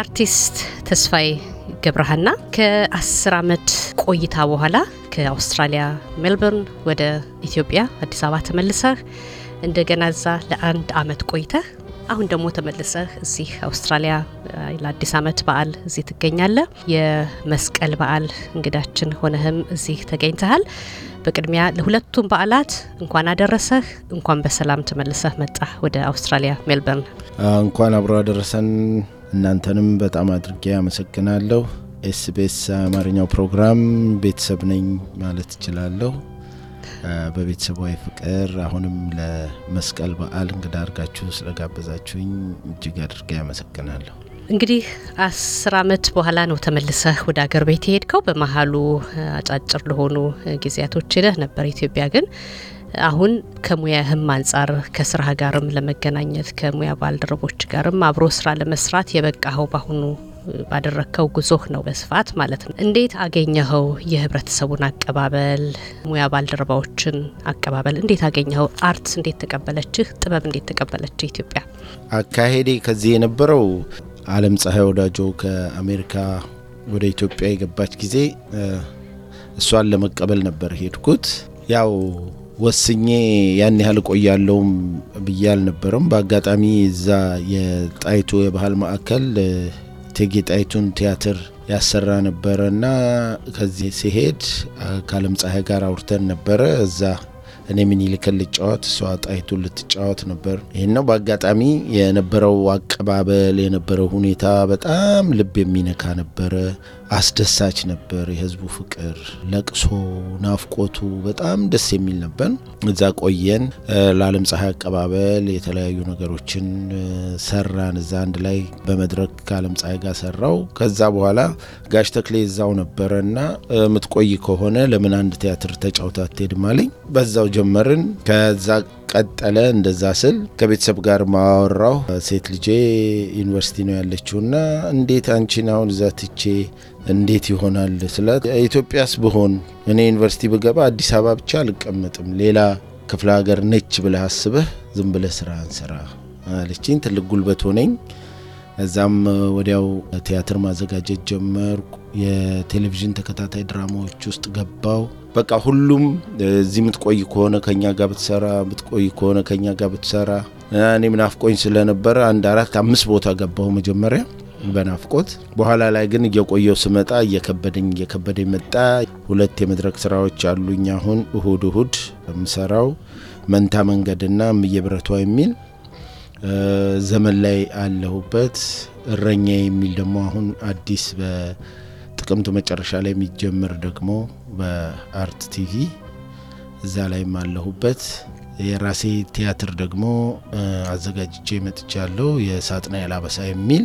አርቲስት ተስፋዬ ገብረሃና ከአስር ዓመት ቆይታ በኋላ ከአውስትራሊያ ሜልበርን ወደ ኢትዮጵያ አዲስ አበባ ተመልሰህ እንደገና እዛ ለአንድ አመት ቆይተህ አሁን ደግሞ ተመልሰህ እዚህ አውስትራሊያ ለአዲስ አመት በዓል እዚህ ትገኛለህ። የመስቀል በዓል እንግዳችን ሆነህም እዚህ ተገኝተሃል። በቅድሚያ ለሁለቱም በዓላት እንኳን አደረሰህ፣ እንኳን በሰላም ተመልሰህ መጣህ ወደ አውስትራሊያ ሜልበርን። እንኳን አብሮ አደረሰን። እናንተንም በጣም አድርጌ አመሰግናለሁ። ኤስቢኤስ አማርኛው ፕሮግራም ቤተሰብ ነኝ ማለት እችላለሁ። በቤተሰባዊ ፍቅር አሁንም ለመስቀል በዓል እንግዳ አድርጋችሁ ስለጋበዛችሁኝ እጅግ አድርጌ አመሰግናለሁ። እንግዲህ አስር አመት በኋላ ነው ተመልሰህ ወደ አገር ቤት የሄድከው። በመሀሉ አጫጭር ለሆኑ ጊዜያቶች ሄደህ ነበር ኢትዮጵያ ግን አሁን ከሙያ ህም አንጻር ከስራ ጋርም ለመገናኘት ከሙያ ባልደረቦች ጋርም አብሮ ስራ ለመስራት የበቃኸው በአሁኑ ባደረግከው ጉዞህ ነው በስፋት ማለት ነው። እንዴት አገኘኸው? የህብረተሰቡን አቀባበል፣ ሙያ ባልደረባዎችን አቀባበል እንዴት አገኘኸው? አርትስ እንዴት ተቀበለችህ? ጥበብ እንዴት ተቀበለችህ ኢትዮጵያ? አካሄዴ ከዚህ የነበረው አለም ፀሐይ ወዳጆ ከአሜሪካ ወደ ኢትዮጵያ የገባች ጊዜ እሷን ለመቀበል ነበር ሄድኩት ያው ወስኜ ያን ያህል ቆያለውም ብዬ አልነበረም። በአጋጣሚ እዛ የጣይቱ የባህል ማዕከል እቴጌ ጣይቱን ቲያትር ያሰራ ነበረ እና ከዚህ ሲሄድ ከአለም ፀሐይ ጋር አውርተን ነበረ እዛ እኔ ምኒልክን ልጫወት እሷ ጣይቱን ልትጫወት ነበር። ይህን ነው በአጋጣሚ የነበረው አቀባበል የነበረው ሁኔታ በጣም ልብ የሚነካ ነበረ። አስደሳች ነበር። የህዝቡ ፍቅር፣ ለቅሶ፣ ናፍቆቱ በጣም ደስ የሚል ነበር። እዛ ቆየን። ለአለም ፀሐይ አቀባበል የተለያዩ ነገሮችን ሰራን። እዛ አንድ ላይ በመድረክ ከአለም ፀሐይ ጋር ሰራው። ከዛ በኋላ ጋሽ ተክሌ እዛው ነበረ እና የምትቆይ ከሆነ ለምን አንድ ቲያትር ተጫውታ ትሄድም አለኝ። በዛው ጀመርን። ከዛ ቀጠለ። እንደዛ ስል ከቤተሰብ ጋር ማወራው ሴት ልጄ ዩኒቨርሲቲ ነው ያለችው እና እንዴት አንቺን አሁን እዛ ትቼ እንዴት ይሆናል ስላት፣ ኢትዮጵያስ ብሆን እኔ ዩኒቨርሲቲ ብገባ አዲስ አበባ ብቻ አልቀመጥም፣ ሌላ ክፍለ ሀገር ነች ብለህ አስበህ ዝም ብለህ ስራ ስራ አለችኝ። ትልቅ ጉልበት ሆነኝ። እዛም ወዲያው ቲያትር ማዘጋጀት ጀመርኩ። የቴሌቪዥን ተከታታይ ድራማዎች ውስጥ ገባው። በቃ ሁሉም እዚህ ምትቆይ ከሆነ ከኛ ጋር ብትሰራ ምትቆይ ከሆነ ከኛ ጋር ብትሰራ እኔም ናፍቆኝ ስለነበረ አንድ አራት አምስት ቦታ ገባው መጀመሪያ በናፍቆት በኋላ ላይ ግን እየቆየው ስመጣ እየከበደኝ እየከበደኝ መጣ። ሁለት የመድረክ ስራዎች አሉኝ አሁን እሁድ እሁድ የምሰራው መንታ መንገድና ምየብረቷ የሚል ዘመን ላይ አለሁበት እረኛ የሚል ደግሞ አሁን አዲስ ጥቅምት መጨረሻ ላይ የሚጀምር ደግሞ በአርት ቲቪ እዛ ላይም አለሁበት። የራሴ ቲያትር ደግሞ አዘጋጅቼ መጥቻለሁ። የሳጥና አበሳ የሚል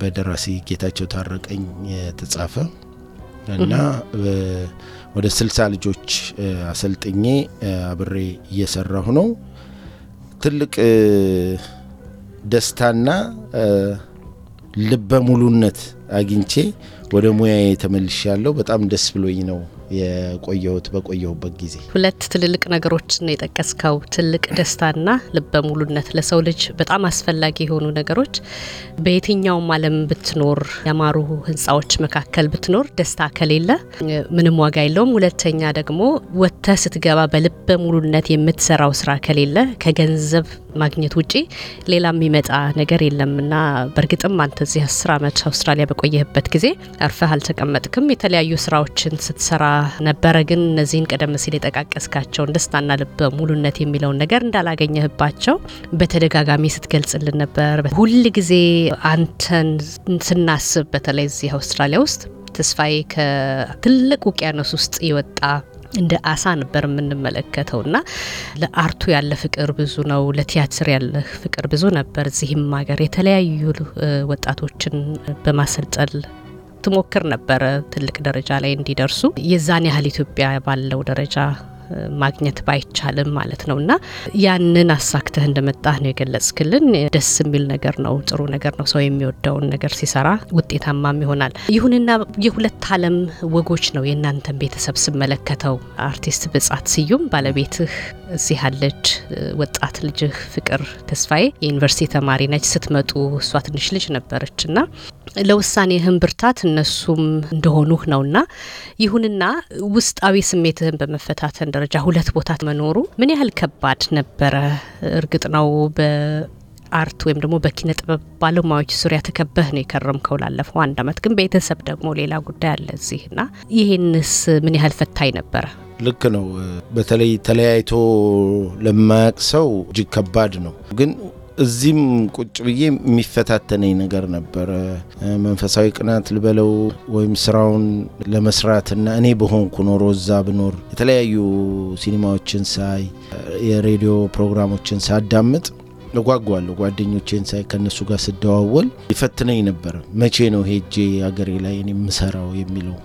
በደራሲ ጌታቸው ታረቀኝ የተጻፈ እና ወደ ስልሳ ልጆች አሰልጥኜ አብሬ እየሰራሁ ነው። ትልቅ ደስታና ልበ ሙሉነት አግኝቼ ወደ ሙያዬ ያለው በጣም ደስ ብሎኝ ነው የቆየሁት በቆየሁበት ጊዜ ሁለት ትልልቅ ነገሮችን የጠቀስከው ትልቅ ደስታና ልበ ሙሉነት ለሰው ልጅ በጣም አስፈላጊ የሆኑ ነገሮች። በየትኛውም ዓለም ብትኖር ያማሩ ሕንፃዎች መካከል ብትኖር ደስታ ከሌለ ምንም ዋጋ የለውም። ሁለተኛ ደግሞ ወጥተህ ስትገባ በልበ ሙሉነት የምትሰራው ስራ ከሌለ ከገንዘብ ማግኘት ውጪ ሌላ የሚመጣ ነገር የለምና በእርግጥም አንተ እዚህ አስር ዓመት አውስትራሊያ በቆየህበት ጊዜ አርፈህ አልተቀመጥክም። የተለያዩ ስራዎችን ስትሰራ ነበረ። ግን እነዚህን ቀደም ሲል የጠቃቀስካቸውን ደስታና ልበ ሙሉነት የሚለውን ነገር እንዳላገኘህባቸው በተደጋጋሚ ስትገልጽልን ነበር። ሁል ጊዜ አንተን ስናስብ በተለይ እዚህ አውስትራሊያ ውስጥ ተስፋዬ ከትልቅ ውቅያኖስ ውስጥ የወጣ እንደ አሳ ነበር የምንመለከተው እና ለአርቱ ያለ ፍቅር ብዙ ነው። ለቲያትር ያለ ፍቅር ብዙ ነበር። እዚህም ሀገር የተለያዩ ወጣቶችን በማሰልጠል ትሞክር ነበረ ትልቅ ደረጃ ላይ እንዲደርሱ የዛን ያህል ኢትዮጵያ ባለው ደረጃ ማግኘት ባይቻልም ማለት ነው እና ያንን አሳክተህ እንደመጣህ ነው የገለጽክልን። ደስ የሚል ነገር ነው፣ ጥሩ ነገር ነው። ሰው የሚወደውን ነገር ሲሰራ ውጤታማም ይሆናል። ይሁንና የሁለት ዓለም ወጎች ነው የእናንተን ቤተሰብ ስመለከተው። አርቲስት ብጻት ስዩም ባለቤትህ እዚህ አለች ወጣት ልጅህ ፍቅር ተስፋዬ የዩኒቨርሲቲ ተማሪ ነች። ስትመጡ እሷ ትንሽ ልጅ ነበረች እና ለውሳኔህም ብርታት እነሱም እንደሆኑህ ነውና፣ ይሁንና ውስጣዊ ስሜትህን በመፈታተን ደረጃ ሁለት ቦታ መኖሩ ምን ያህል ከባድ ነበረ? እርግጥ ነው አርት ወይም ደግሞ በኪነ ጥበብ ባለሙያዎች ዙሪያ ተከበህ ነው የከረምከው ላለፈው አንድ አመት። ግን ቤተሰብ ደግሞ ሌላ ጉዳይ አለ እዚህ እና ይህንስ ምን ያህል ፈታኝ ነበረ? ልክ ነው። በተለይ ተለያይቶ ለማያቅ ሰው እጅግ ከባድ ነው። ግን እዚህም ቁጭ ብዬ የሚፈታተነኝ ነገር ነበረ። መንፈሳዊ ቅናት ልበለው ወይም ስራውን ለመስራትና እኔ በሆንኩ ኖሮ እዛ ብኖር የተለያዩ ሲኒማዎችን ሳይ፣ የሬዲዮ ፕሮግራሞችን ሳዳምጥ እጓጓለሁ። ጓደኞቼን ሳይ ከእነሱ ጋር ስደዋወል ይፈትነኝ ነበር መቼ ነው ሄጄ አገሬ ላይ እኔ የምሰራው የሚለው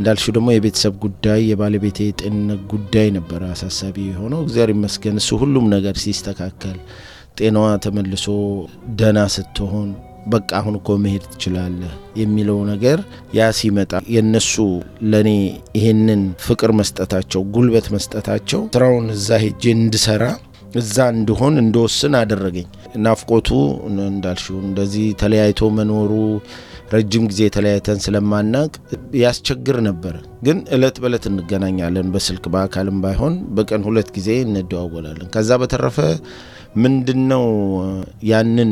እንዳልሽው ደግሞ የቤተሰብ ጉዳይ የባለቤቴ የጤንነት ጉዳይ ነበረ አሳሳቢ የሆነው። እግዚአብሔር ይመስገን እሱ ሁሉም ነገር ሲስተካከል ጤናዋ ተመልሶ ደህና ስትሆን በቃ አሁን እኮ መሄድ ትችላለህ የሚለው ነገር ያ ሲመጣ የእነሱ ለእኔ ይሄንን ፍቅር መስጠታቸው፣ ጉልበት መስጠታቸው ስራውን እዛ ሄጄ እንድሰራ እዛ እንድሆን እንድወስን አደረገኝ። ናፍቆቱ እንዳልሽው እንደዚህ ተለያይቶ መኖሩ ረጅም ጊዜ የተለያተን ስለማናቅ ያስቸግር ነበር። ግን እለት በእለት እንገናኛለን፣ በስልክ በአካልም ባይሆን በቀን ሁለት ጊዜ እንደዋወላለን። ከዛ በተረፈ ምንድን ነው ያንን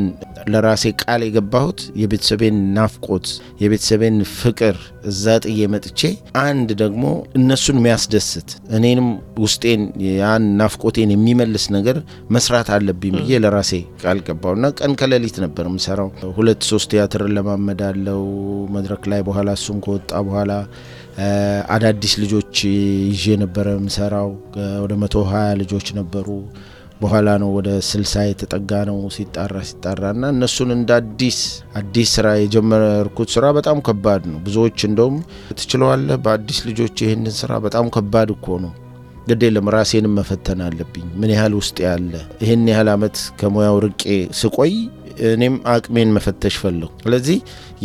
ለራሴ ቃል የገባሁት የቤተሰቤን ናፍቆት፣ የቤተሰቤን ፍቅር እዛ ጥዬ መጥቼ አንድ ደግሞ እነሱን የሚያስደስት እኔንም ውስጤን ያን ናፍቆቴን የሚመልስ ነገር መስራት አለብኝ ብዬ ለራሴ ቃል እና ቀን ከሌሊት ነበር የምሰራው። ሁለት ሶስት ለማመድ ለማመዳለው መድረክ ላይ በኋላ እሱም ከወጣ በኋላ አዳዲስ ልጆች ይዤ ነበረ የምሰራው። ወደ መቶ ሀያ ልጆች ነበሩ። በኋላ ነው ወደ ስልሳ የተጠጋ ነው ሲጣራ ሲጣራ እና እነሱን እንደ አዲስ አዲስ ስራ የጀመርኩት ስራ በጣም ከባድ ነው። ብዙዎች እንደውም ትችለዋለህ በአዲስ ልጆች ይህንን ስራ በጣም ከባድ እኮ ነው። ግድ የለም ራሴንም መፈተን አለብኝ። ምን ያህል ውስጥ ያለ ይህን ያህል አመት ከሙያው ርቄ ስቆይ እኔም አቅሜን መፈተሽ ፈለኩ። ስለዚህ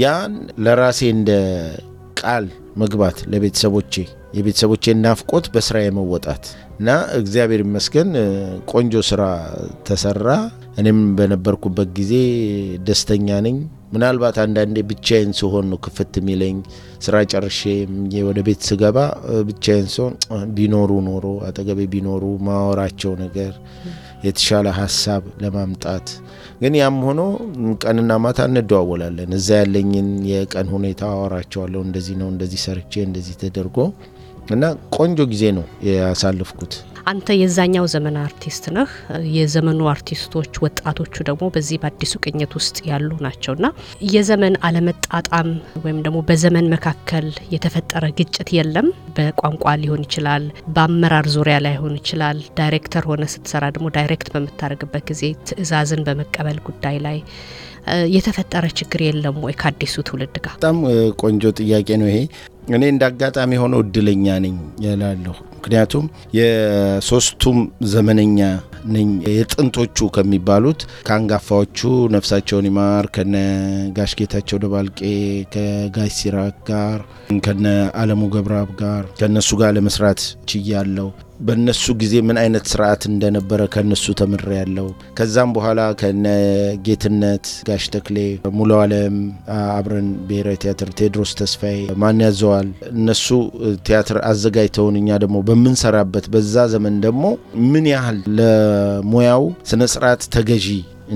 ያን ለራሴ እንደ ቃል መግባት ለቤተሰቦቼ የቤተሰቦቼ ናፍቆት በስራ የመወጣት እና እግዚአብሔር ይመስገን ቆንጆ ስራ ተሰራ። እኔም በነበርኩበት ጊዜ ደስተኛ ነኝ። ምናልባት አንዳንዴ ብቻዬን ስሆን ነው ክፍት የሚለኝ። ስራ ጨርሼ ወደ ቤት ስገባ ብቻዬን ስሆን ቢኖሩ ኖሮ አጠገቤ ቢኖሩ ማወራቸው ነገር የተሻለ ሀሳብ ለማምጣት ግን ያም ሆኖ ቀንና ማታ እንደዋወላለን። እዛ ያለኝን የቀን ሁኔታ አወራቸዋለሁ። እንደዚህ ነው እንደዚህ ሰርቼ እንደዚህ ተደርጎ እና ቆንጆ ጊዜ ነው ያሳልፍኩት። አንተ የዛኛው ዘመን አርቲስት ነህ። የዘመኑ አርቲስቶች ወጣቶቹ ደግሞ በዚህ በአዲሱ ቅኝት ውስጥ ያሉ ናቸውና የዘመን አለመጣጣም ወይም ደግሞ በዘመን መካከል የተፈጠረ ግጭት የለም። በቋንቋ ሊሆን ይችላል፣ በአመራር ዙሪያ ላይሆን ይችላል። ዳይሬክተር ሆነ ስትሰራ ደግሞ ዳይሬክት በምታደርግበት ጊዜ ትዕዛዝን በመቀበል ጉዳይ ላይ የተፈጠረ ችግር የለም ወይ? ከአዲሱ ትውልድ ጋር በጣም ቆንጆ ጥያቄ ነው ይሄ እኔ እንደ አጋጣሚ እድለኛ ነኝ እላለሁ። ምክንያቱም የሶስቱም ዘመነኛ ነኝ የጥንቶቹ ከሚባሉት ከአንጋፋዎቹ ነፍሳቸውን ይማር ከነ ጋሽ ጌታቸው ደባልቄ ከጋሽ ሲራክ ጋር ከነ አለሙ ገብረአብ ጋር ከነሱ ጋር ለመስራት ችያለው። በነሱ ጊዜ ምን አይነት ስርዓት እንደነበረ ከነሱ ተምሬ ያለው። ከዛም በኋላ ከነ ጌትነት ጋሽ ተክሌ፣ ሙሉ አለም አብረን ብሔራዊ ቲያትር፣ ቴዎድሮስ ተስፋዬ፣ ማን ያዘዋል እነሱ ቲያትር አዘጋጅተውን እኛ ደግሞ በምንሰራበት በዛ ዘመን ደግሞ ምን ያህል ለሙያው ስነ ስርዓት ተገዢ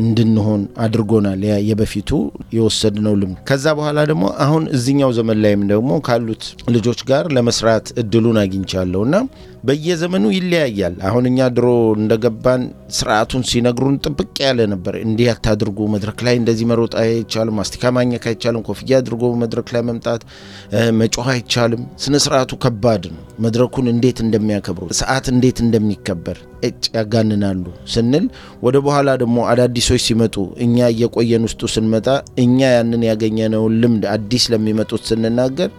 እንድንሆን አድርጎናል። የበፊቱ የወሰድነው ልምድ ከዛ በኋላ ደግሞ አሁን እዚኛው ዘመን ላይም ደግሞ ካሉት ልጆች ጋር ለመስራት እድሉን አግኝቻለሁ እና በየዘመኑ ይለያያል። አሁን እኛ ድሮ እንደገባን ስርዓቱን ሲነግሩን ጥብቅ ያለ ነበር። እንዲህ አታድርጉ፣ መድረክ ላይ እንደዚህ መሮጥ አይቻልም፣ ማስቲካ ማኘክ አይቻልም፣ ኮፍያ አድርጎ መድረክ ላይ መምጣት መጮህ አይቻልም። ስነ ስርዓቱ ከባድ ነው። መድረኩን እንዴት እንደሚያከብሩ ሰዓት እንዴት እንደሚከበር እጭ ያጋንናሉ ስንል ወደ በኋላ ደግሞ አዳዲሶች ሲመጡ እኛ እየቆየን ውስጡ ስንመጣ እኛ ያንን ያገኘነውን ልምድ አዲስ ለሚመጡት ስንናገር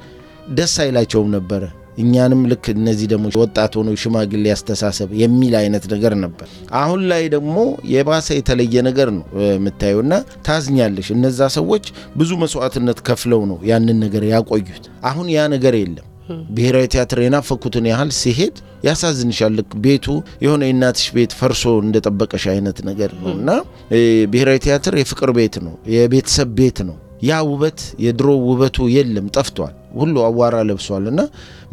ደስ አይላቸውም ነበረ። እኛንም ልክ እነዚህ ደግሞ ወጣት ሆኖ ሽማግሌ አስተሳሰብ የሚል አይነት ነገር ነበር። አሁን ላይ ደግሞ የባሰ የተለየ ነገር ነው የምታየውና ታዝኛለሽ። እነዛ ሰዎች ብዙ መስዋዕትነት ከፍለው ነው ያንን ነገር ያቆዩት። አሁን ያ ነገር የለም። ብሔራዊ ቲያትር የናፈኩትን ያህል ሲሄድ ያሳዝንሻል። ልክ ቤቱ የሆነ የእናትሽ ቤት ፈርሶ እንደጠበቀሽ አይነት ነገር ነው እና ብሔራዊ ቲያትር የፍቅር ቤት ነው፣ የቤተሰብ ቤት ነው። ያ ውበት የድሮ ውበቱ የለም፣ ጠፍቷል። ሁሉ አዋራ ለብሷል። እና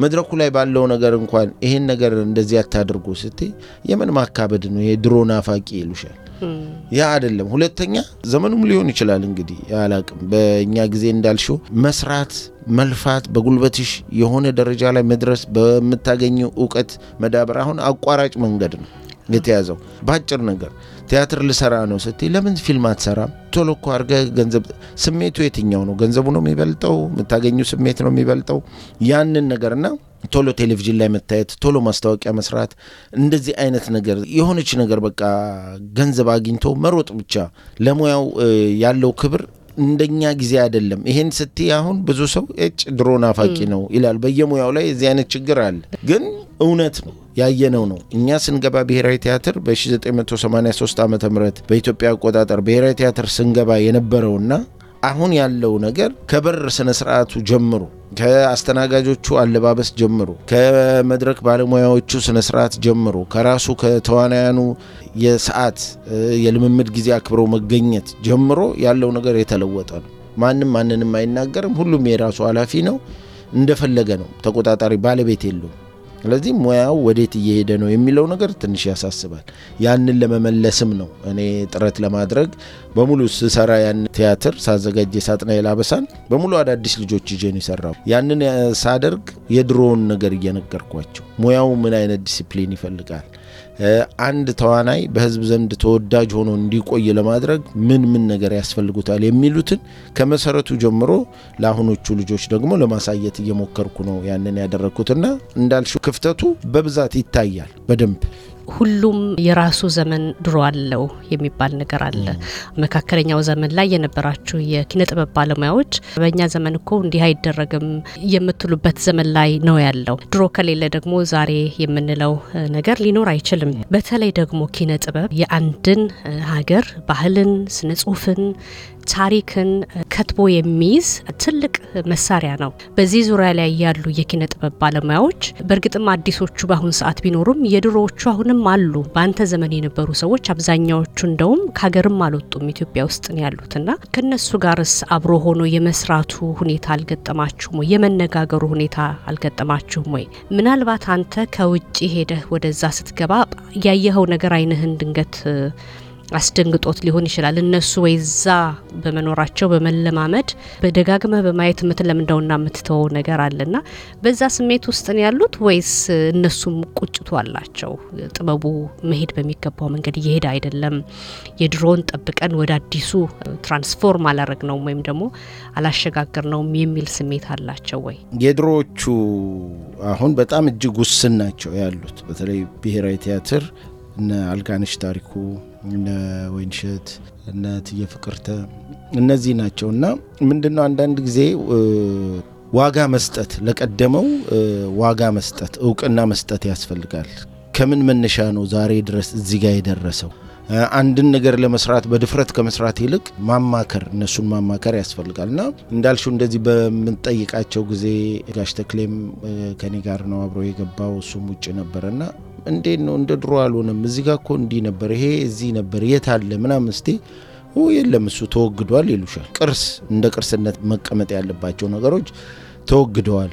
መድረኩ ላይ ባለው ነገር እንኳን ይሄን ነገር እንደዚህ አታድርጉ ስትይ የምን ማካበድ ነው የድሮ ናፋቂ ይሉሻል። ያ አይደለም። ሁለተኛ ዘመኑም ሊሆን ይችላል እንግዲህ አላቅም። በእኛ ጊዜ እንዳልሽው መስራት፣ መልፋት፣ በጉልበትሽ የሆነ ደረጃ ላይ መድረስ፣ በምታገኘው እውቀት መዳበር አሁን አቋራጭ መንገድ ነው የተያዘው በአጭር ነገር ቲያትር ልሰራ ነው ስትይ ለምን ፊልም አትሰራም? ቶሎ እኮ አድርገህ ገንዘብ ስሜቱ የትኛው ነው? ገንዘቡ ነው የሚበልጠው? የምታገኙ ስሜት ነው የሚበልጠው? ያንን ነገርና ቶሎ ቴሌቪዥን ላይ መታየት፣ ቶሎ ማስታወቂያ መስራት፣ እንደዚህ አይነት ነገር የሆነች ነገር በቃ ገንዘብ አግኝቶ መሮጥ ብቻ ለሙያው ያለው ክብር እንደኛ ጊዜ አይደለም። ይሄን ስትይ አሁን ብዙ ሰው ጭ ድሮ ናፋቂ ነው ይላል። በየሙያው ላይ የዚህ አይነት ችግር አለ፣ ግን እውነት ነው። ያየነው ነው። እኛ ስንገባ ብሔራዊ ቲያትር በ1983 ዓ ም በኢትዮጵያ አቆጣጠር ብሔራዊ ቲያትር ስንገባ የነበረውና አሁን ያለው ነገር ከበር ስነ ስርዓቱ ጀምሮ ከአስተናጋጆቹ አለባበስ ጀምሮ ከመድረክ ባለሙያዎቹ ስነ ስርዓት ጀምሮ ከራሱ ከተዋናያኑ የሰዓት የልምምድ ጊዜ አክብረው መገኘት ጀምሮ ያለው ነገር የተለወጠ ነው። ማንም ማንንም አይናገርም። ሁሉም የራሱ ኃላፊ ነው። እንደፈለገ ነው። ተቆጣጣሪ ባለቤት የለውም። ስለዚህ ሙያው ወዴት እየሄደ ነው የሚለው ነገር ትንሽ ያሳስባል። ያንን ለመመለስም ነው እኔ ጥረት ለማድረግ በሙሉ ስሰራ ያን ቲያትር ሳዘጋጅ ሳጥና አበሳን በሙሉ አዳዲስ ልጆች ይዤ ነው የሰራው። ያንን ሳደርግ የድሮውን ነገር እየነገርኳቸው ሙያው ምን አይነት ዲሲፕሊን ይፈልጋል አንድ ተዋናይ በህዝብ ዘንድ ተወዳጅ ሆኖ እንዲቆይ ለማድረግ ምን ምን ነገር ያስፈልጉታል የሚሉትን ከመሰረቱ ጀምሮ ለአሁኖቹ ልጆች ደግሞ ለማሳየት እየሞከርኩ ነው። ያንን ያደረግኩትና እንዳልሽው ክፍተቱ በብዛት ይታያል በደንብ ሁሉም የራሱ ዘመን ድሮ አለው የሚባል ነገር አለ። መካከለኛው ዘመን ላይ የነበራችሁ የኪነ ጥበብ ባለሙያዎች በእኛ ዘመን እኮ እንዲህ አይደረግም የምትሉበት ዘመን ላይ ነው ያለው። ድሮ ከሌለ ደግሞ ዛሬ የምንለው ነገር ሊኖር አይችልም። በተለይ ደግሞ ኪነ ጥበብ የአንድን ሀገር ባህልን፣ ስነ ጽሁፍን፣ ታሪክን ከትቦ የሚይዝ ትልቅ መሳሪያ ነው። በዚህ ዙሪያ ላይ ያሉ የኪነ ጥበብ ባለሙያዎች በእርግጥም አዲሶቹ በአሁን ሰዓት ቢኖሩም የድሮዎቹ አሁንም አሉ። በአንተ ዘመን የነበሩ ሰዎች አብዛኛዎቹ እንደውም ከሀገርም አልወጡም ኢትዮጵያ ውስጥ ነው ያሉትና ከነሱ ጋርስ አብሮ ሆኖ የመስራቱ ሁኔታ አልገጠማችሁም ወይ? የመነጋገሩ ሁኔታ አልገጠማችሁም ወይ? ምናልባት አንተ ከውጭ ሄደህ ወደዛ ስትገባ ያየኸው ነገር አይንህን ድንገት አስደንግጦት ሊሆን ይችላል። እነሱ ወይዛ በመኖራቸው በመለማመድ በደጋግመ በማየት የምትለምደውና የምትተወው ነገር አለና በዛ ስሜት ውስጥ ነው ያሉት ወይስ እነሱም ቁጭቱ አላቸው? ጥበቡ መሄድ በሚገባው መንገድ እየሄደ አይደለም፣ የድሮን ጠብቀን ወደ አዲሱ ትራንስፎርም አላረግ ነው ወይም ደግሞ አላሸጋግር ነውም የሚል ስሜት አላቸው ወይ? የድሮዎቹ አሁን በጣም እጅግ ውስን ናቸው ያሉት። በተለይ ብሔራዊ ቲያትር እነ አልጋነሽ ታሪኩ እነ ወይንሸት እነ ትየ ፍቅርተ እነዚህ ናቸው። እና ምንድነው አንዳንድ ጊዜ ዋጋ መስጠት ለቀደመው ዋጋ መስጠት እውቅና መስጠት ያስፈልጋል። ከምን መነሻ ነው ዛሬ ድረስ እዚህ ጋር የደረሰው? አንድን ነገር ለመስራት በድፍረት ከመስራት ይልቅ ማማከር እነሱን ማማከር ያስፈልጋል እና እንዳልሹ እንደዚህ በምንጠይቃቸው ጊዜ ጋሽ ተክሌም ከኔ ጋር ነው አብሮ የገባው እሱም ውጭ ነበረና እንዴት ነው እንደ ድሮ አልሆነም፣ እዚህ ጋር እኮ እንዲህ ነበር፣ ይሄ እዚህ ነበር፣ የት አለ ምናምን ስቴ የለም እሱ ተወግዷል ይሉሻል። ቅርስ እንደ ቅርስነት መቀመጥ ያለባቸው ነገሮች ተወግደዋል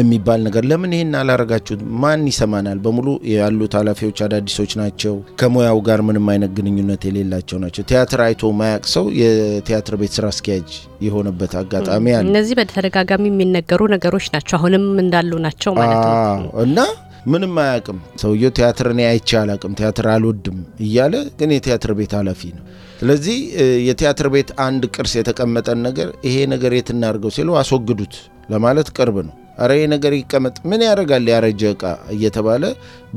የሚባል ነገር ለምን ይህን አላረጋችሁት? ማን ይሰማናል? በሙሉ ያሉት ኃላፊዎች አዳዲሶች ናቸው። ከሙያው ጋር ምንም አይነት ግንኙነት የሌላቸው ናቸው። ቲያትር አይቶ ማያቅ ሰው የቲያትር ቤት ስራ አስኪያጅ የሆነበት አጋጣሚ አለ። እነዚህ በተደጋጋሚ የሚነገሩ ነገሮች ናቸው። አሁንም እንዳሉ ናቸው ማለት ነው እና ምንም አያውቅም ሰውየው። ቲያትር እኔ አይቼ አላውቅም፣ ቲያትር አልወድም እያለ ግን የቲያትር ቤት ኃላፊ ነው። ስለዚህ የቲያትር ቤት አንድ ቅርስ የተቀመጠን ነገር ይሄ ነገር የት እናድርገው ሲለው አስወግዱት ለማለት ቅርብ ነው። አረ ነገር ይቀመጥ ምን ያደርጋል ያረጀ እቃ እየተባለ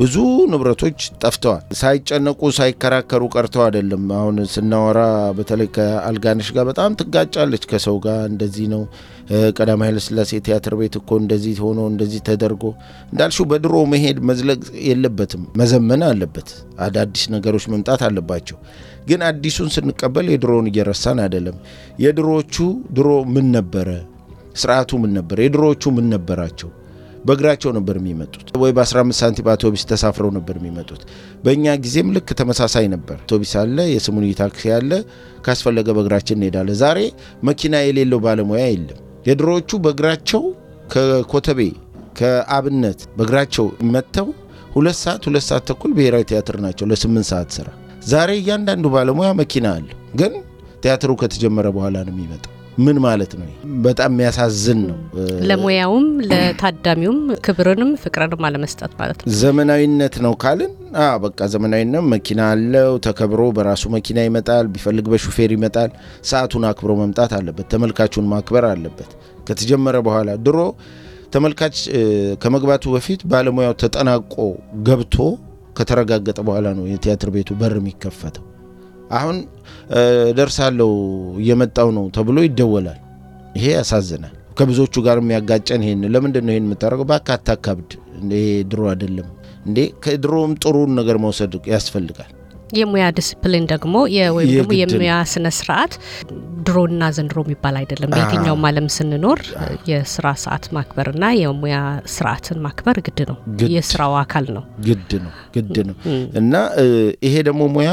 ብዙ ንብረቶች ጠፍተዋል። ሳይጨነቁ ሳይከራከሩ ቀርተው አይደለም። አሁን ስናወራ በተለይ ከአልጋነሽ ጋር በጣም ትጋጫለች ከሰው ጋር እንደዚህ ነው። ቀዳማዊ ኃይለሥላሴ ቲያትር ቤት እኮ እንደዚህ ሆኖ እንደዚህ ተደርጎ እንዳልሽው በድሮ መሄድ መዝለቅ የለበትም፣ መዘመን አለበት። አዳዲስ ነገሮች መምጣት አለባቸው። ግን አዲሱን ስንቀበል የድሮውን እየረሳን አይደለም። የድሮዎቹ ድሮ ምን ነበረ ስርዓቱ ምን ነበር? የድሮዎቹ ምን ነበራቸው? በእግራቸው ነበር የሚመጡት ወይ በ15 ሳንቲም አውቶቢስ ተሳፍረው ነበር የሚመጡት። በእኛ ጊዜም ልክ ተመሳሳይ ነበር። አውቶቢስ አለ፣ የስሙኒ ታክሲ አለ። ካስፈለገ በእግራችን እንሄዳለን። ዛሬ መኪና የሌለው ባለሙያ የለም። የድሮዎቹ በእግራቸው ከኮተቤ ከአብነት በእግራቸው መጥተው ሁለት ሰዓት ሁለት ሰዓት ተኩል ብሔራዊ ቲያትር ናቸው ለስምንት ሰዓት ስራ። ዛሬ እያንዳንዱ ባለሙያ መኪና አለ፣ ግን ቲያትሩ ከተጀመረ በኋላ ነው የሚመጣው። ምን ማለት ነው? በጣም የሚያሳዝን ነው። ለሙያውም ለታዳሚውም ክብርንም ፍቅርንም አለመስጠት ማለት ነው። ዘመናዊነት ነው ካልን በቃ ዘመናዊነት መኪና አለው ተከብሮ በራሱ መኪና ይመጣል፣ ቢፈልግ በሹፌር ይመጣል። ሰዓቱን አክብሮ መምጣት አለበት። ተመልካቹን ማክበር አለበት። ከተጀመረ በኋላ ድሮ ተመልካች ከመግባቱ በፊት ባለሙያው ተጠናቆ ገብቶ ከተረጋገጠ በኋላ ነው የቲያትር ቤቱ በር የሚከፈተው። አሁን ደርሳለው እየመጣው ነው ተብሎ ይደወላል። ይሄ ያሳዝናል። ከብዙዎቹ ጋር የሚያጋጨን ይሄን ለምንድን ነው ይሄን የምታደርገው? እባክህ አታካብድ፣ ይሄ ድሮ አይደለም እንዴ። ከድሮም ጥሩን ነገር መውሰድ ያስፈልጋል። የሙያ ዲስፕሊን ደግሞ ወይም ደግሞ የሙያ ስነ ስርዓት ድሮና ዘንድሮ የሚባል አይደለም። በየትኛውም ዓለም ስንኖር የስራ ሰዓት ማክበርና የሙያ ስርዓትን ማክበር ግድ ነው። የስራው አካል ነው። ግድ ነው፣ ግድ ነው እና ይሄ ደግሞ ሙያ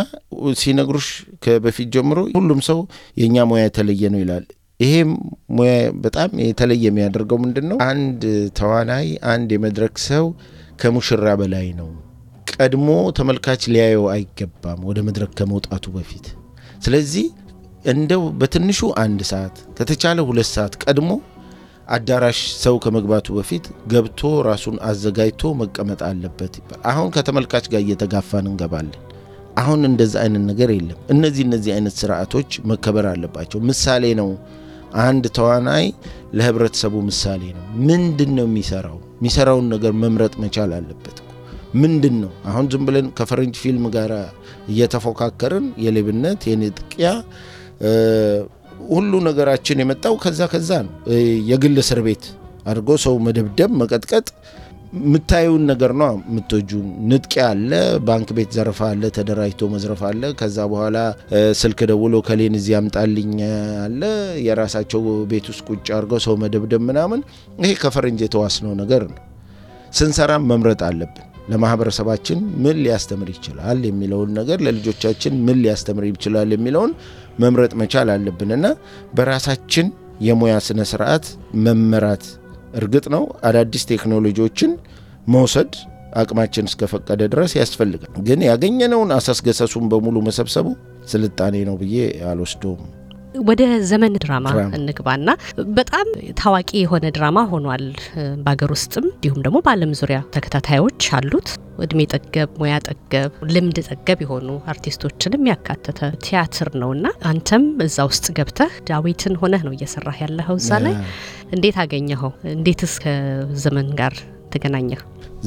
ሲነግሩሽ ከበፊት ጀምሮ ሁሉም ሰው የእኛ ሙያ የተለየ ነው ይላል። ይሄም ሙያ በጣም የተለየ የሚያደርገው ምንድን ነው? አንድ ተዋናይ፣ አንድ የመድረክ ሰው ከሙሽራ በላይ ነው። ቀድሞ ተመልካች ሊያየው አይገባም ወደ መድረክ ከመውጣቱ በፊት። ስለዚህ እንደው በትንሹ አንድ ሰዓት ከተቻለ ሁለት ሰዓት ቀድሞ አዳራሽ ሰው ከመግባቱ በፊት ገብቶ ራሱን አዘጋጅቶ መቀመጥ አለበት ይባል። አሁን ከተመልካች ጋር እየተጋፋን እንገባለን። አሁን እንደዚ አይነት ነገር የለም። እነዚህ እነዚህ አይነት ስርዓቶች መከበር አለባቸው። ምሳሌ ነው። አንድ ተዋናይ ለህብረተሰቡ ምሳሌ ነው። ምንድን ነው የሚሰራው? የሚሰራውን ነገር መምረጥ መቻል አለበት። ምንድን ነው? አሁን ዝም ብለን ከፈረንጅ ፊልም ጋር እየተፎካከርን የሌብነት የንጥቂያ ሁሉ ነገራችን የመጣው ከዛ ከዛ ነው። የግል እስር ቤት አድርጎ ሰው መደብደብ፣ መቀጥቀጥ የምታዩን ነገር ነው የምትወጁ። ንጥቂያ አለ፣ ባንክ ቤት ዘረፋ አለ፣ ተደራጅቶ መዝረፍ አለ። ከዛ በኋላ ስልክ ደውሎ ከሌን እዚህ ያምጣልኝ አለ። የራሳቸው ቤት ውስጥ ቁጭ አድርገው ሰው መደብደብ ምናምን፣ ይሄ ከፈረንጅ የተዋስነው ነገር ነው። ስንሰራም መምረጥ አለብን። ለማህበረሰባችን ምን ሊያስተምር ይችላል የሚለውን ነገር ለልጆቻችን ምን ሊያስተምር ይችላል የሚለውን መምረጥ መቻል አለብንና በራሳችን የሙያ ስነ ስርዓት መመራት። እርግጥ ነው አዳዲስ ቴክኖሎጂዎችን መውሰድ አቅማችን እስከፈቀደ ድረስ ያስፈልጋል። ግን ያገኘነውን አሳስገሰሱን በሙሉ መሰብሰቡ ስልጣኔ ነው ብዬ አልወስደውም። ወደ ዘመን ድራማ እንግባና በጣም ታዋቂ የሆነ ድራማ ሆኗል። በሀገር ውስጥም እንዲሁም ደግሞ በዓለም ዙሪያ ተከታታዮች አሉት። እድሜ ጠገብ፣ ሙያ ጠገብ፣ ልምድ ጠገብ የሆኑ አርቲስቶችንም ያካተተ ቲያትር ነው እና አንተም እዛ ውስጥ ገብተህ ዳዊትን ሆነህ ነው እየሰራህ ያለኸው። እዛ ላይ እንዴት አገኘኸው? እንዴትስ ከዘመን ጋር ተገናኘህ?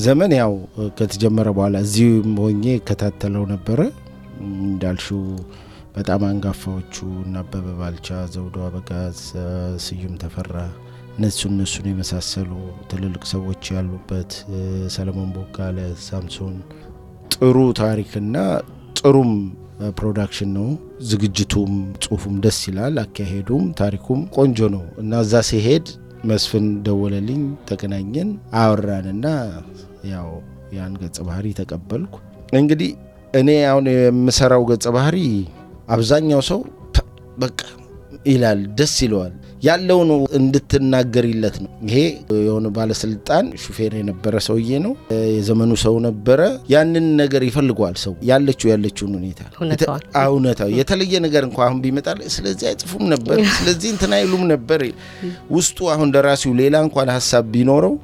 ዘመን ያው ከተጀመረ በኋላ እዚሁ ሆኜ እከታተለው ነበረ እንዳልሹ በጣም አንጋፋዎቹ እና አበበ ባልቻ፣ በጋዝ አበጋዝ፣ ስዩም ተፈራ እነሱ እነሱን የመሳሰሉ ትልልቅ ሰዎች ያሉበት ሰለሞን ቦጋለ፣ ሳምሶን ጥሩ ታሪክና ጥሩም ፕሮዳክሽን ነው። ዝግጅቱም ጽሁፉም ደስ ይላል። አካሄዱም ታሪኩም ቆንጆ ነው እና እዛ ሲሄድ መስፍን ደወለልኝ፣ ተገናኘን፣ አወራንና ያው ያን ገጸ ባህሪ ተቀበልኩ። እንግዲህ እኔ አሁን የምሰራው ገጸ ባህሪ አብዛኛው ሰው በቃ ይላል፣ ደስ ይለዋል። ያለውን እንድትናገርለት ነው። ይሄ የሆነ ባለስልጣን ሹፌር የነበረ ሰውዬ ነው፣ የዘመኑ ሰው ነበረ። ያንን ነገር ይፈልገዋል ሰው ያለችው ያለችውን ሁኔታ እውነታው፣ የተለየ ነገር እንኳ አሁን ቢመጣል፣ ስለዚህ አይጽፉም ነበር፣ ስለዚህ እንትን አይሉም ነበር። ውስጡ አሁን ደራሲው ሌላ እንኳን ሀሳብ ቢኖረው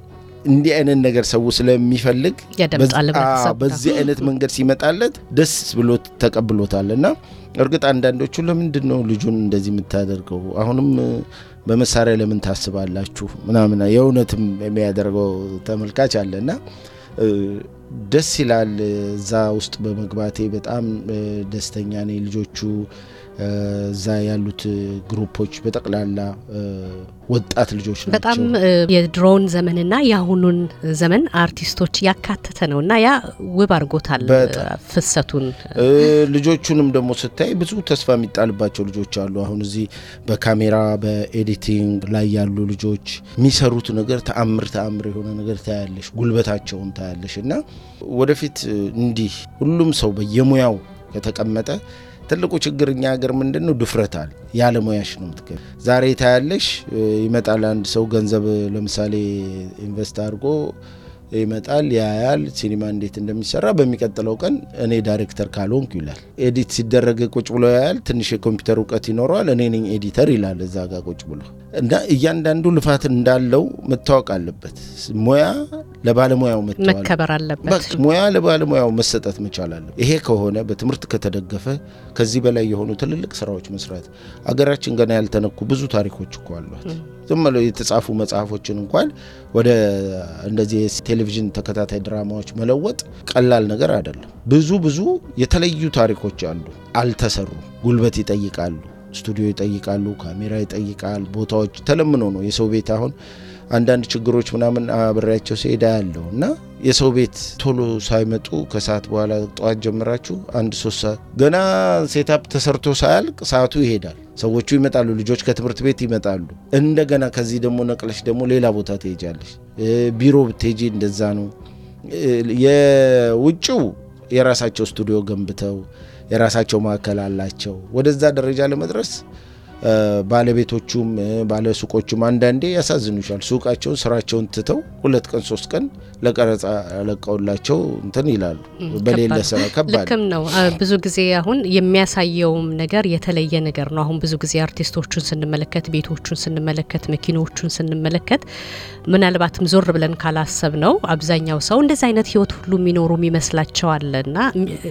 እንዲህ አይነት ነገር ሰው ስለሚፈልግ በዚህ አይነት መንገድ ሲመጣለት ደስ ብሎ ተቀብሎታል። እና እርግጥ አንዳንዶቹ ለምንድን ነው ልጁን እንደዚህ የምታደርገው? አሁንም በመሳሪያ ለምን ታስባላችሁ? ምናምን የእውነትም የሚያደርገው ተመልካች አለ እና ደስ ይላል። እዛ ውስጥ በመግባቴ በጣም ደስተኛ ነኝ። ልጆቹ እዛ ያሉት ግሩፖች በጠቅላላ ወጣት ልጆች ናቸው። በጣም የድሮውን ዘመንና የአሁኑን ዘመን አርቲስቶች ያካተተ ነው እና ያ ውብ አድርጎታል ፍሰቱን። ልጆቹንም ደግሞ ስታይ ብዙ ተስፋ የሚጣልባቸው ልጆች አሉ። አሁን እዚህ በካሜራ በኤዲቲንግ ላይ ያሉ ልጆች የሚሰሩት ነገር ተአምር ተአምር የሆነ ነገር ታያለሽ፣ ጉልበታቸውን ታያለሽ እና ወደፊት እንዲህ ሁሉም ሰው በየሙያው ከተቀመጠ ትልቁ ችግር እኛ ሀገር ምንድን ነው? ድፍረት አለ። ያለሙያሽ ነው ምትከ ዛሬ ታያለሽ። ይመጣል አንድ ሰው ገንዘብ ለምሳሌ ኢንቨስት አድርጎ ይመጣል፣ ያያል ሲኒማ እንዴት እንደሚሰራ። በሚቀጥለው ቀን እኔ ዳይሬክተር ካልሆንኩ ይላል። ኤዲት ሲደረግ ቁጭ ብሎ ያያል። ትንሽ የኮምፒውተር እውቀት ይኖረዋል። እኔ ነኝ ኤዲተር ይላል እዛ ጋር ቁጭ ብሎ እያንዳንዱ ልፋት እንዳለው መታወቅ አለበት። ሙያ ለባለሙያው መከበር አለበት። ሙያ ለባለሙያው መሰጠት መቻል አለበት። ይሄ ከሆነ በትምህርት ከተደገፈ ከዚህ በላይ የሆኑ ትልልቅ ስራዎች መስራት አገራችን ገና ያልተነኩ ብዙ ታሪኮች እኮ አሏት። ዝም ብለው የተጻፉ መጽሐፎችን እንኳን ወደ እንደዚህ ቴሌቪዥን ተከታታይ ድራማዎች መለወጥ ቀላል ነገር አይደለም። ብዙ ብዙ የተለዩ ታሪኮች አሉ፣ አልተሰሩ፣ ጉልበት ይጠይቃሉ ስቱዲዮ ይጠይቃሉ፣ ካሜራ ይጠይቃል። ቦታዎች ተለምኖ ነው የሰው ቤት አሁን አንዳንድ ችግሮች ምናምን አብሬያቸው ሲሄዳ ያለው እና የሰው ቤት ቶሎ ሳይመጡ ከሰዓት በኋላ ጠዋት ጀምራችሁ አንድ ሶስት ሰዓት ገና ሴታፕ ተሰርቶ ሳያልቅ ሰዓቱ ይሄዳል። ሰዎቹ ይመጣሉ፣ ልጆች ከትምህርት ቤት ይመጣሉ። እንደገና ከዚህ ደግሞ ነቅለሽ ደግሞ ሌላ ቦታ ትሄጃለሽ። ቢሮ ብትሄጂ እንደዛ ነው። የውጭው የራሳቸው ስቱዲዮ ገንብተው የራሳቸው ማዕከል አላቸው። ወደዛ ደረጃ ለመድረስ ባለቤቶቹም ባለሱቆቹም አንዳንዴ ያሳዝኑሻል። ሱቃቸውን ስራቸውን ትተው ሁለት ቀን ሶስት ቀን ለቀረጻ ያለቀውላቸው እንትን ይላሉ። በሌለ ስራ ከባድ ልክም ነው። ብዙ ጊዜ አሁን የሚያሳየውም ነገር የተለየ ነገር ነው። አሁን ብዙ ጊዜ አርቲስቶቹን ስንመለከት፣ ቤቶቹን ስንመለከት፣ መኪኖቹን ስንመለከት ምናልባትም ዞር ብለን ካላሰብ ነው አብዛኛው ሰው እንደዚህ አይነት ህይወት ሁሉ የሚኖሩ የሚመስላቸዋል እና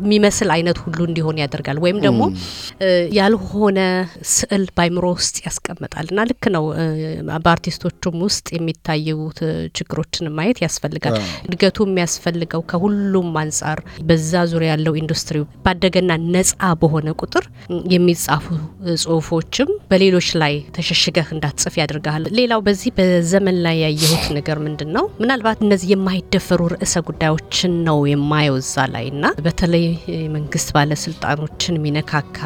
የሚመስል አይነት ሁሉ እንዲሆን ያደርጋል ወይም ደግሞ ያልሆነ ስዕል ባይምሮ ውስጥ ያስቀምጣል እና ልክ ነው በአርቲስቶቹም ውስጥ የሚታዩት ችግሮችን ማየት ያስፈልጋል። እድገቱ የሚያስፈልገው ከሁሉም አንጻር በዛ ዙሪያ ያለው ኢንዱስትሪ ባደገና ነጻ በሆነ ቁጥር የሚጻፉ ጽሁፎችም በሌሎች ላይ ተሸሽገህ እንዳትጽፍ ያደርግሃል። ሌላው በዚህ በዘመን ላይ ያየሁት ነገር ምንድን ነው? ምናልባት እነዚህ የማይደፈሩ ርዕሰ ጉዳዮችን ነው የማየው እዛ ላይ እና በተለይ መንግስት ባለስልጣኖችን የሚነካካ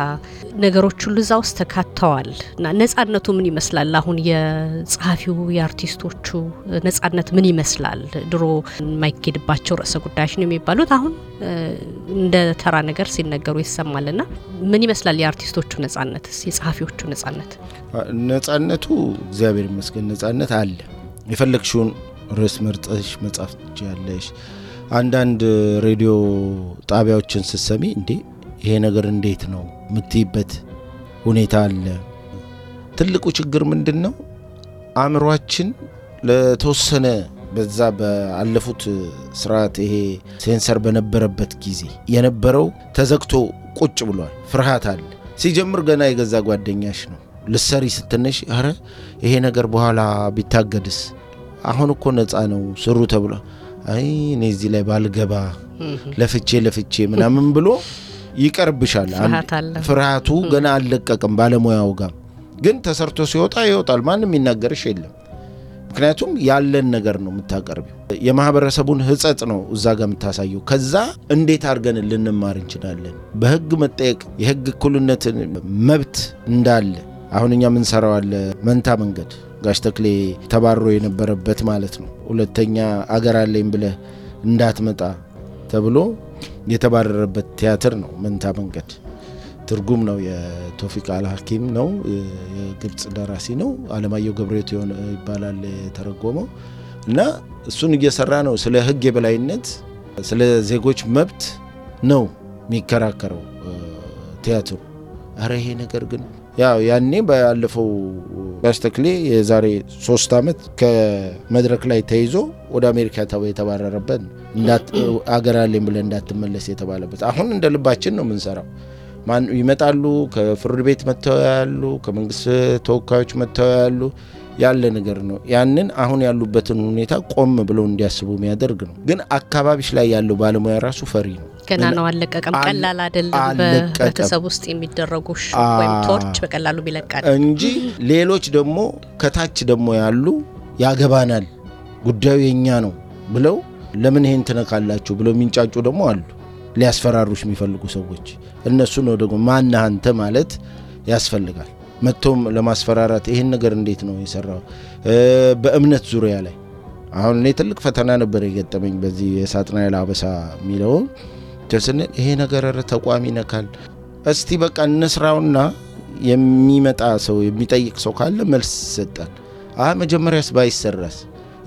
ነገሮች ሁሉ እዛ ውስጥ ተካተዋል እና ነጻነቱ ምን ይመስላል? አሁን የጸሐፊው የአርቲስቶቹ ነጻነት ምን ይመስላል? ድሮ የማይኬድባቸው ርዕሰ ጉዳዮች ነው የሚባሉት አሁን እንደ ተራ ነገር ሲነገሩ ይሰማል ና ምን ይመስላል የአርቲስቶቹ ነጻነት፣ የጸሐፊዎቹ ነጻነት? ነጻነቱ እግዚአብሔር ይመስገን ነጻነት አለ። የፈለግሽውን ርዕስ መርጠሽ መጻፍ ትችያለሽ። አንዳንድ ሬዲዮ ጣቢያዎችን ስትሰሚ እንዴ ይሄ ነገር እንዴት ነው የምትይበት ሁኔታ አለ። ትልቁ ችግር ምንድን ነው? አእምሯችን ለተወሰነ በዛ በአለፉት ስርዓት ይሄ ሴንሰር በነበረበት ጊዜ የነበረው ተዘግቶ ቁጭ ብሏል። ፍርሃት አለ። ሲጀምር ገና የገዛ ጓደኛሽ ነው። ልሰሪ ስትነሽ አረ ይሄ ነገር በኋላ ቢታገድስ አሁን እኮ ነፃ ነው ስሩ ተብሎ አይ እኔ እዚህ ላይ ባልገባ ለፍቼ ለፍቼ ምናምን ብሎ ይቀርብሻል። ፍርሃቱ ገና አልለቀቅም። ባለሙያው ጋር ግን ተሰርቶ ሲወጣ ይወጣል። ማንም ይናገርሽ የለም። ምክንያቱም ያለን ነገር ነው የምታቀርቢው። የማህበረሰቡን ህጸጥ ነው እዛ ጋር የምታሳየው። ከዛ እንዴት አድርገን ልንማር እንችላለን? በህግ መጠየቅ የህግ እኩልነትን መብት እንዳለ አሁን እኛ የምንሰራው አለ መንታ መንገድ ጋሽ ተክሌ ተባሮ የነበረበት ማለት ነው። ሁለተኛ አገር አለኝ ብለህ እንዳትመጣ ተብሎ የተባረረበት ቲያትር ነው መንታ መንገድ። ትርጉም ነው። የቶፊቅ አልሐኪም ነው፣ የግብፅ ደራሲ ነው። አለማየሁ ገብሬቱ ይባላል የተረጎመው እና እሱን እየሰራ ነው። ስለ ህግ የበላይነት ስለ ዜጎች መብት ነው የሚከራከረው ቲያትሩ። አረ ይሄ ነገር ግን ያው ያኔ ባለፈው ያስተክሌ የዛሬ ሶስት ዓመት ከመድረክ ላይ ተይዞ ወደ አሜሪካ የተባረረበት አገር አለኝ ብለን እንዳትመለስ የተባለበት። አሁን እንደ ልባችን ነው የምንሰራው። ይመጣሉ። ከፍርድ ቤት መጥተው ያሉ፣ ከመንግስት ተወካዮች መጥተው ያሉ ያለ ነገር ነው። ያንን አሁን ያሉበትን ሁኔታ ቆም ብለው እንዲያስቡ የሚያደርግ ነው። ግን አካባቢሽ ላይ ያለው ባለሙያ ራሱ ፈሪ ነው። ገና ነው፣ አለቀቀም። ቀላል አይደለም። በቤተሰብ ውስጥ የሚደረጉ ወይም ቶርች በቀላሉ ቢለቃል እንጂ ሌሎች ደግሞ ከታች ደግሞ ያሉ ያገባናል፣ ጉዳዩ የኛ ነው ብለው ለምን ይሄን ትነካላችሁ ብለው የሚንጫጩ ደግሞ አሉ። ሊያስፈራሩሽ የሚፈልጉ ሰዎች እነሱ ነው ደግሞ ማነህ አንተ ማለት ያስፈልጋል። መጥቶም ለማስፈራራት ይህን ነገር እንዴት ነው የሰራው? በእምነት ዙሪያ ላይ አሁን እኔ ትልቅ ፈተና ነበር የገጠመኝ በዚህ የሳጥናኤል አበሳ የሚለውን ስንል ይሄ ነገር ኧረ ተቋም ይነካል። እስቲ በቃ እንስራውና የሚመጣ ሰው የሚጠይቅ ሰው ካለ መልስ ይሰጣል። አ መጀመሪያስ ባይሰራስ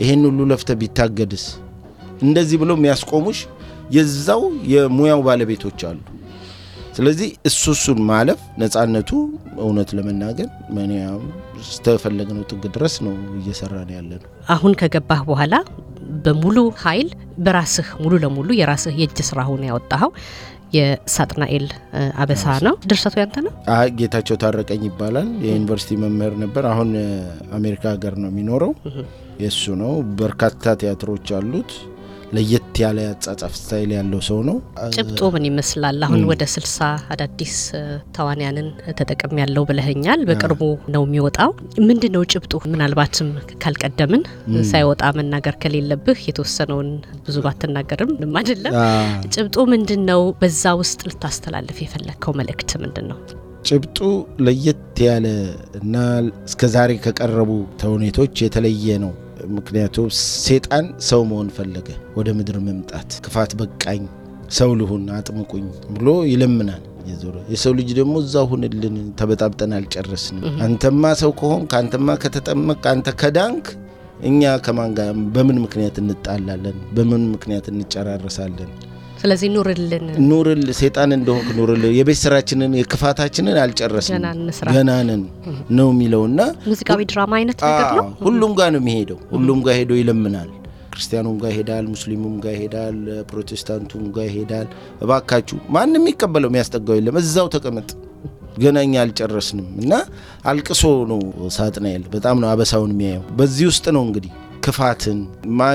ይሄን ሁሉ ለፍተ ቢታገድስ እንደዚህ ብሎ የሚያስቆሙሽ የዛው የሙያው ባለቤቶች አሉ። ስለዚህ እሱ እሱን ማለፍ ነፃነቱ እውነት ለመናገር መኒያም ስተፈለግነው ጥግ ድረስ ነው እየሰራን ያለ ነው። አሁን ከገባህ በኋላ በሙሉ ኃይል በራስህ ሙሉ ለሙሉ የራስህ የእጅ ስራ ሆነ ያወጣኸው የሳጥናኤል አበሳ ነው። ድርሰቱ ያንተ ነው። ጌታቸው ታረቀኝ ይባላል። የዩኒቨርሲቲ መምህር ነበር። አሁን አሜሪካ ሀገር ነው የሚኖረው። የእሱ ነው። በርካታ ቲያትሮች አሉት። ለየት ያለ አጻጻፍ ስታይል ያለው ሰው ነው። ጭብጦ ምን ይመስላል? አሁን ወደ ስልሳ አዳዲስ ተዋንያንን ተጠቅም ያለው ብለህኛል። በቅርቡ ነው የሚወጣው። ምንድን ነው ጭብጡ? ምናልባትም ካልቀደምን ሳይወጣ መናገር ከሌለብህ የተወሰነውን ብዙ ባትናገርም ምንም አይደለም። ጭብጡ ምንድን ነው? በዛ ውስጥ ልታስተላልፍ የፈለግከው መልእክት ምንድን ነው? ጭብጡ ለየት ያለ እና እስከዛሬ ከቀረቡ ተውኔቶች የተለየ ነው። ምክንያቱ ሴጣን ሰው መሆን ፈለገ። ወደ ምድር መምጣት ክፋት በቃኝ፣ ሰው ልሁን፣ አጥምቁኝ ብሎ ይለምናል። የሰው ልጅ ደግሞ እዛ ሁንልን፣ ተበጣብጠን አልጨረስንም። አንተማ ሰው ከሆን አንተማ ከተጠመቅ አንተ ከዳንክ እኛ ከማን ጋር በምን ምክንያት እንጣላለን? በምን ምክንያት እንጨራረሳለን? ስለዚህ ኑርልን፣ ኑርል ሴጣን እንደሆንክ ኑርል። የቤት ስራችንን የክፋታችንን አልጨረስን ገናንን ነው የሚለውና ሙዚቃዊ ድራማ አይነት ነገር ነው። ሁሉም ጋር ነው የሚሄደው። ሁሉም ጋር ሄዶ ይለምናል። ክርስቲያኑም ጋር ይሄዳል፣ ሙስሊሙም ጋር ይሄዳል፣ ፕሮቴስታንቱም ጋር ይሄዳል። እባካችሁ ማንም የሚቀበለው የሚያስጠጋው የለም። እዛው ተቀመጥ ገናኛ አልጨረስንም እና አልቅሶ ነው ሳጥናኤል። በጣም ነው አበሳውን የሚያየው። በዚህ ውስጥ ነው እንግዲህ ክፋትን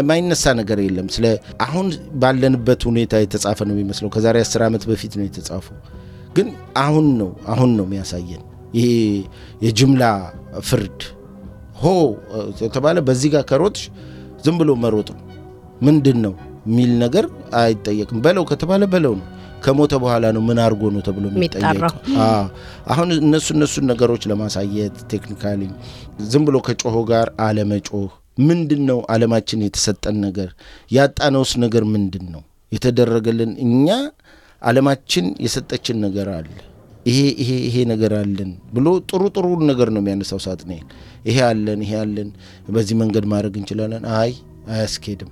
ማይነሳ ነገር የለም። ስለ አሁን ባለንበት ሁኔታ የተጻፈ ነው የሚመስለው። ከዛሬ አስር ዓመት በፊት ነው የተጻፈው፣ ግን አሁን ነው አሁን ነው የሚያሳየን። ይሄ የጅምላ ፍርድ ሆ የተባለ በዚህ ጋር ከሮጥሽ ዝም ብሎ መሮጥ ነው። ምንድን ነው የሚል ነገር አይጠየቅም። በለው ከተባለ በለው ነው። ከሞተ በኋላ ነው ምን አድርጎ ነው ተብሎ የሚጠየቀው። አሁን እነሱ እነሱን ነገሮች ለማሳየት ቴክኒካሊ ዝም ብሎ ከጮሆ ጋር አለመጮህ ምንድን ነው ዓለማችን የተሰጠን ነገር? ያጣነውስ ነገር ምንድን ነው የተደረገልን? እኛ ዓለማችን የሰጠችን ነገር አለ ይሄ ይሄ ይሄ ነገር አለን ብሎ ጥሩ ጥሩ ነገር ነው የሚያነሳው ሳጥናኤል። ይሄ አለን ይሄ አለን፣ በዚህ መንገድ ማድረግ እንችላለን። አይ አያስኬድም፣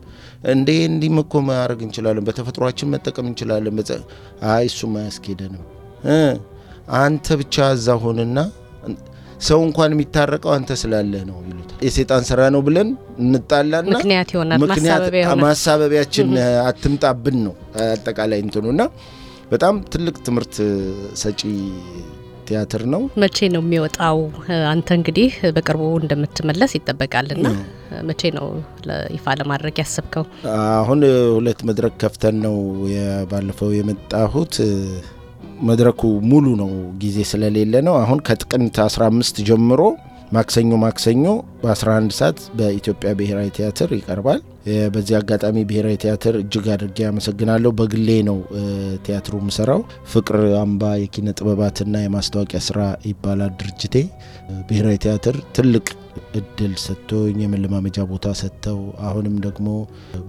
እንዴ እንዲህ እኮ ማድረግ እንችላለን፣ በተፈጥሯችን መጠቀም እንችላለን። አይ እሱም አያስኬደንም። አንተ ብቻ እዛ ሆንና ሰው እንኳን የሚታረቀው አንተ ስላለህ ነው ይሉታል። የሴጣን ስራ ነው ብለን እንጣላና ምክንያት ይሆናል። ማሳበቢያችን አትምጣብን ነው አጠቃላይ ና በጣም ትልቅ ትምህርት ሰጪ ቲያትር ነው። መቼ ነው የሚወጣው? አንተ እንግዲህ በቅርቡ እንደምትመለስ ይጠበቃልና መቼ ነው ይፋ ለማድረግ ያሰብከው? አሁን ሁለት መድረክ ከፍተን ነው ባለፈው የመጣሁት መድረኩ ሙሉ ነው፣ ጊዜ ስለሌለ ነው። አሁን ከጥቅምት 15 ጀምሮ ማክሰኞ ማክሰኞ በ11 ሰዓት በኢትዮጵያ ብሔራዊ ቲያትር ይቀርባል። በዚህ አጋጣሚ ብሔራዊ ቲያትር እጅግ አድርጌ አመሰግናለሁ። በግሌ ነው ቲያትሩ ምሰራው። ፍቅር አምባ የኪነ ጥበባትና የማስታወቂያ ስራ ይባላል ድርጅቴ። ብሔራዊ ቲያትር ትልቅ እድል ሰጥቶኝ የመለማመጃ ቦታ ሰጥተው አሁንም ደግሞ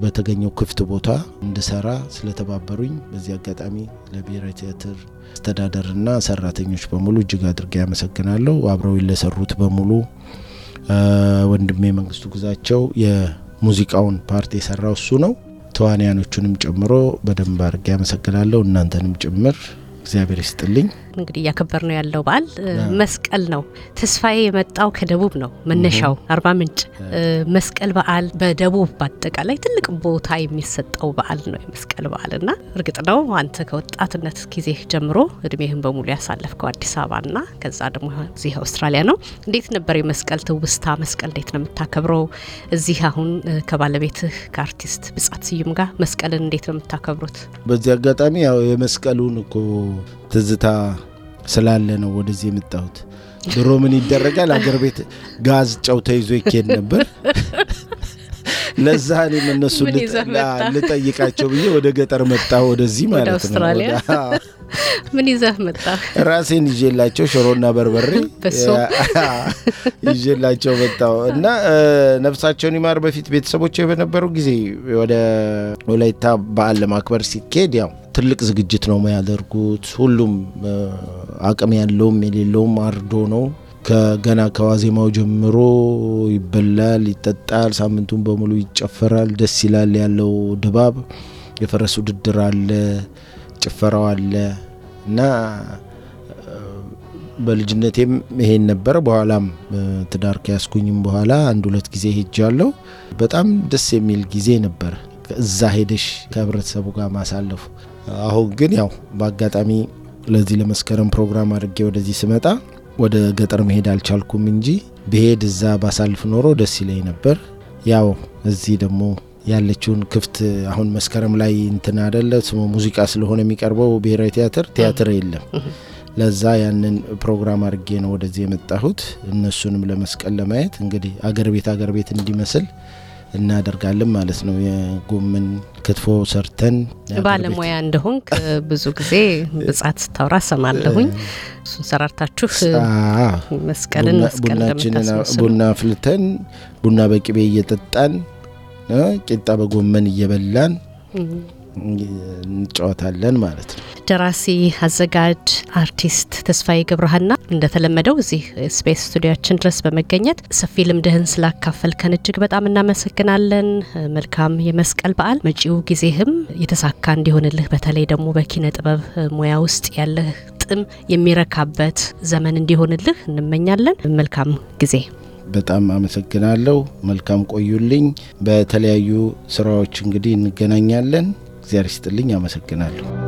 በተገኘው ክፍት ቦታ እንድሰራ ስለተባበሩኝ በዚህ አጋጣሚ ለብሔራዊ ቲያትር አስተዳደርና ሰራተኞች በሙሉ እጅግ አድርጌ ያመሰግናለሁ። አብረው ለሰሩት በሙሉ ወንድሜ መንግስቱ ግዛቸው የሙዚቃውን ፓርት የሰራው እሱ ነው። ተዋንያኖቹንም ጨምሮ በደንብ አድርጌ ያመሰግናለሁ። እናንተንም ጭምር እግዚአብሔር ይስጥልኝ። እንግዲህ እያከበር ነው ያለው በዓል መስቀል ነው። ተስፋዬ የመጣው ከደቡብ ነው መነሻው አርባ ምንጭ። መስቀል በዓል በደቡብ በአጠቃላይ ትልቅ ቦታ የሚሰጠው በዓል ነው የመስቀል በዓል እና እርግጥ ነው አንተ ከወጣትነት ጊዜህ ጀምሮ እድሜህን በሙሉ ያሳለፍከው አዲስ አበባ ና ከዛ ደግሞ እዚህ አውስትራሊያ ነው። እንዴት ነበር የመስቀል ትውስታ? መስቀል እንዴት ነው የምታከብረው? እዚህ አሁን ከባለቤትህ ከአርቲስት ብጻት ስዩም ጋር መስቀልን እንዴት ነው የምታከብሩት? በዚህ አጋጣሚ ያው የመስቀሉን እኮ ትዝታ ስላለ ነው ወደዚህ የመጣሁት። ድሮ ምን ይደረጋል አገር ቤት ጋዝ ጨው ተይዞ ይኬድ ነበር። ለዛ እኔም እነሱ ልጠይቃቸው ብዬ ወደ ገጠር መጣ ወደዚህ ማለት ነው። ምን ይዘህ መጣ? ራሴን ይዤላቸው ሽሮና በርበሬ ይዤላቸው መጣው እና ነፍሳቸውን ይማር። በፊት ቤተሰቦቼ በነበሩ ጊዜ ወደ ወላይታ በዓል ለማክበር ሲካሄድ ያው ትልቅ ዝግጅት ነው የሚያደርጉት። ሁሉም አቅም ያለውም የሌለውም አርዶ ነው ከገና ከዋዜማው ጀምሮ ይበላል፣ ይጠጣል፣ ሳምንቱን በሙሉ ይጨፈራል። ደስ ይላል ያለው ድባብ። የፈረስ ውድድር አለ፣ ጭፈራው አለ እና በልጅነቴም ይሄን ነበር። በኋላም ትዳር ከያስኩኝም በኋላ አንድ ሁለት ጊዜ ሄጃለሁ። በጣም ደስ የሚል ጊዜ ነበር እዛ ሄደሽ ከህብረተሰቡ ጋር ማሳለፉ። አሁን ግን ያው በአጋጣሚ ለዚህ ለመስከረም ፕሮግራም አድርጌ ወደዚህ ስመጣ ወደ ገጠር መሄድ አልቻልኩም እንጂ ብሄድ እዛ ባሳልፍ ኖሮ ደስ ይለኝ ነበር። ያው እዚህ ደግሞ ያለችውን ክፍት አሁን መስከረም ላይ እንትን አደለ ስሙ ሙዚቃ ስለሆነ የሚቀርበው ብሔራዊ ቲያትር ቲያትር የለም። ለዛ ያንን ፕሮግራም አድርጌ ነው ወደዚህ የመጣሁት እነሱንም ለመስቀል ለማየት እንግዲህ አገር ቤት አገር ቤት እንዲመስል እናደርጋለን ማለት ነው። የጎመን ክትፎ ሰርተን ባለሙያ እንደሆን ብዙ ጊዜ ብጻት ስታወራ ሰማለሁኝ። እሱን ሰራርታችሁ መስቀልን ቡና አፍልተን ቡና በቅቤ እየጠጣን ቂጣ በጎመን እየበላን እንጫወታለን ማለት ነው። ደራሲ አዘጋጅ አርቲስት ተስፋዬ ገብረሃና እንደተለመደው እዚህ ስፔስ ስቱዲያችን ድረስ በመገኘት ሰፊ ልምድህን ስላካፈልከን እጅግ በጣም እናመሰግናለን። መልካም የመስቀል በዓል፣ መጪው ጊዜህም የተሳካ እንዲሆንልህ በተለይ ደግሞ በኪነ ጥበብ ሙያ ውስጥ ያለህ ጥም የሚረካበት ዘመን እንዲሆንልህ እንመኛለን። መልካም ጊዜ። በጣም አመሰግናለሁ። መልካም ቆዩልኝ። በተለያዩ ስራዎች እንግዲህ እንገናኛለን። እግዚአብሔር ይስጥልኝ። አመሰግናለሁ።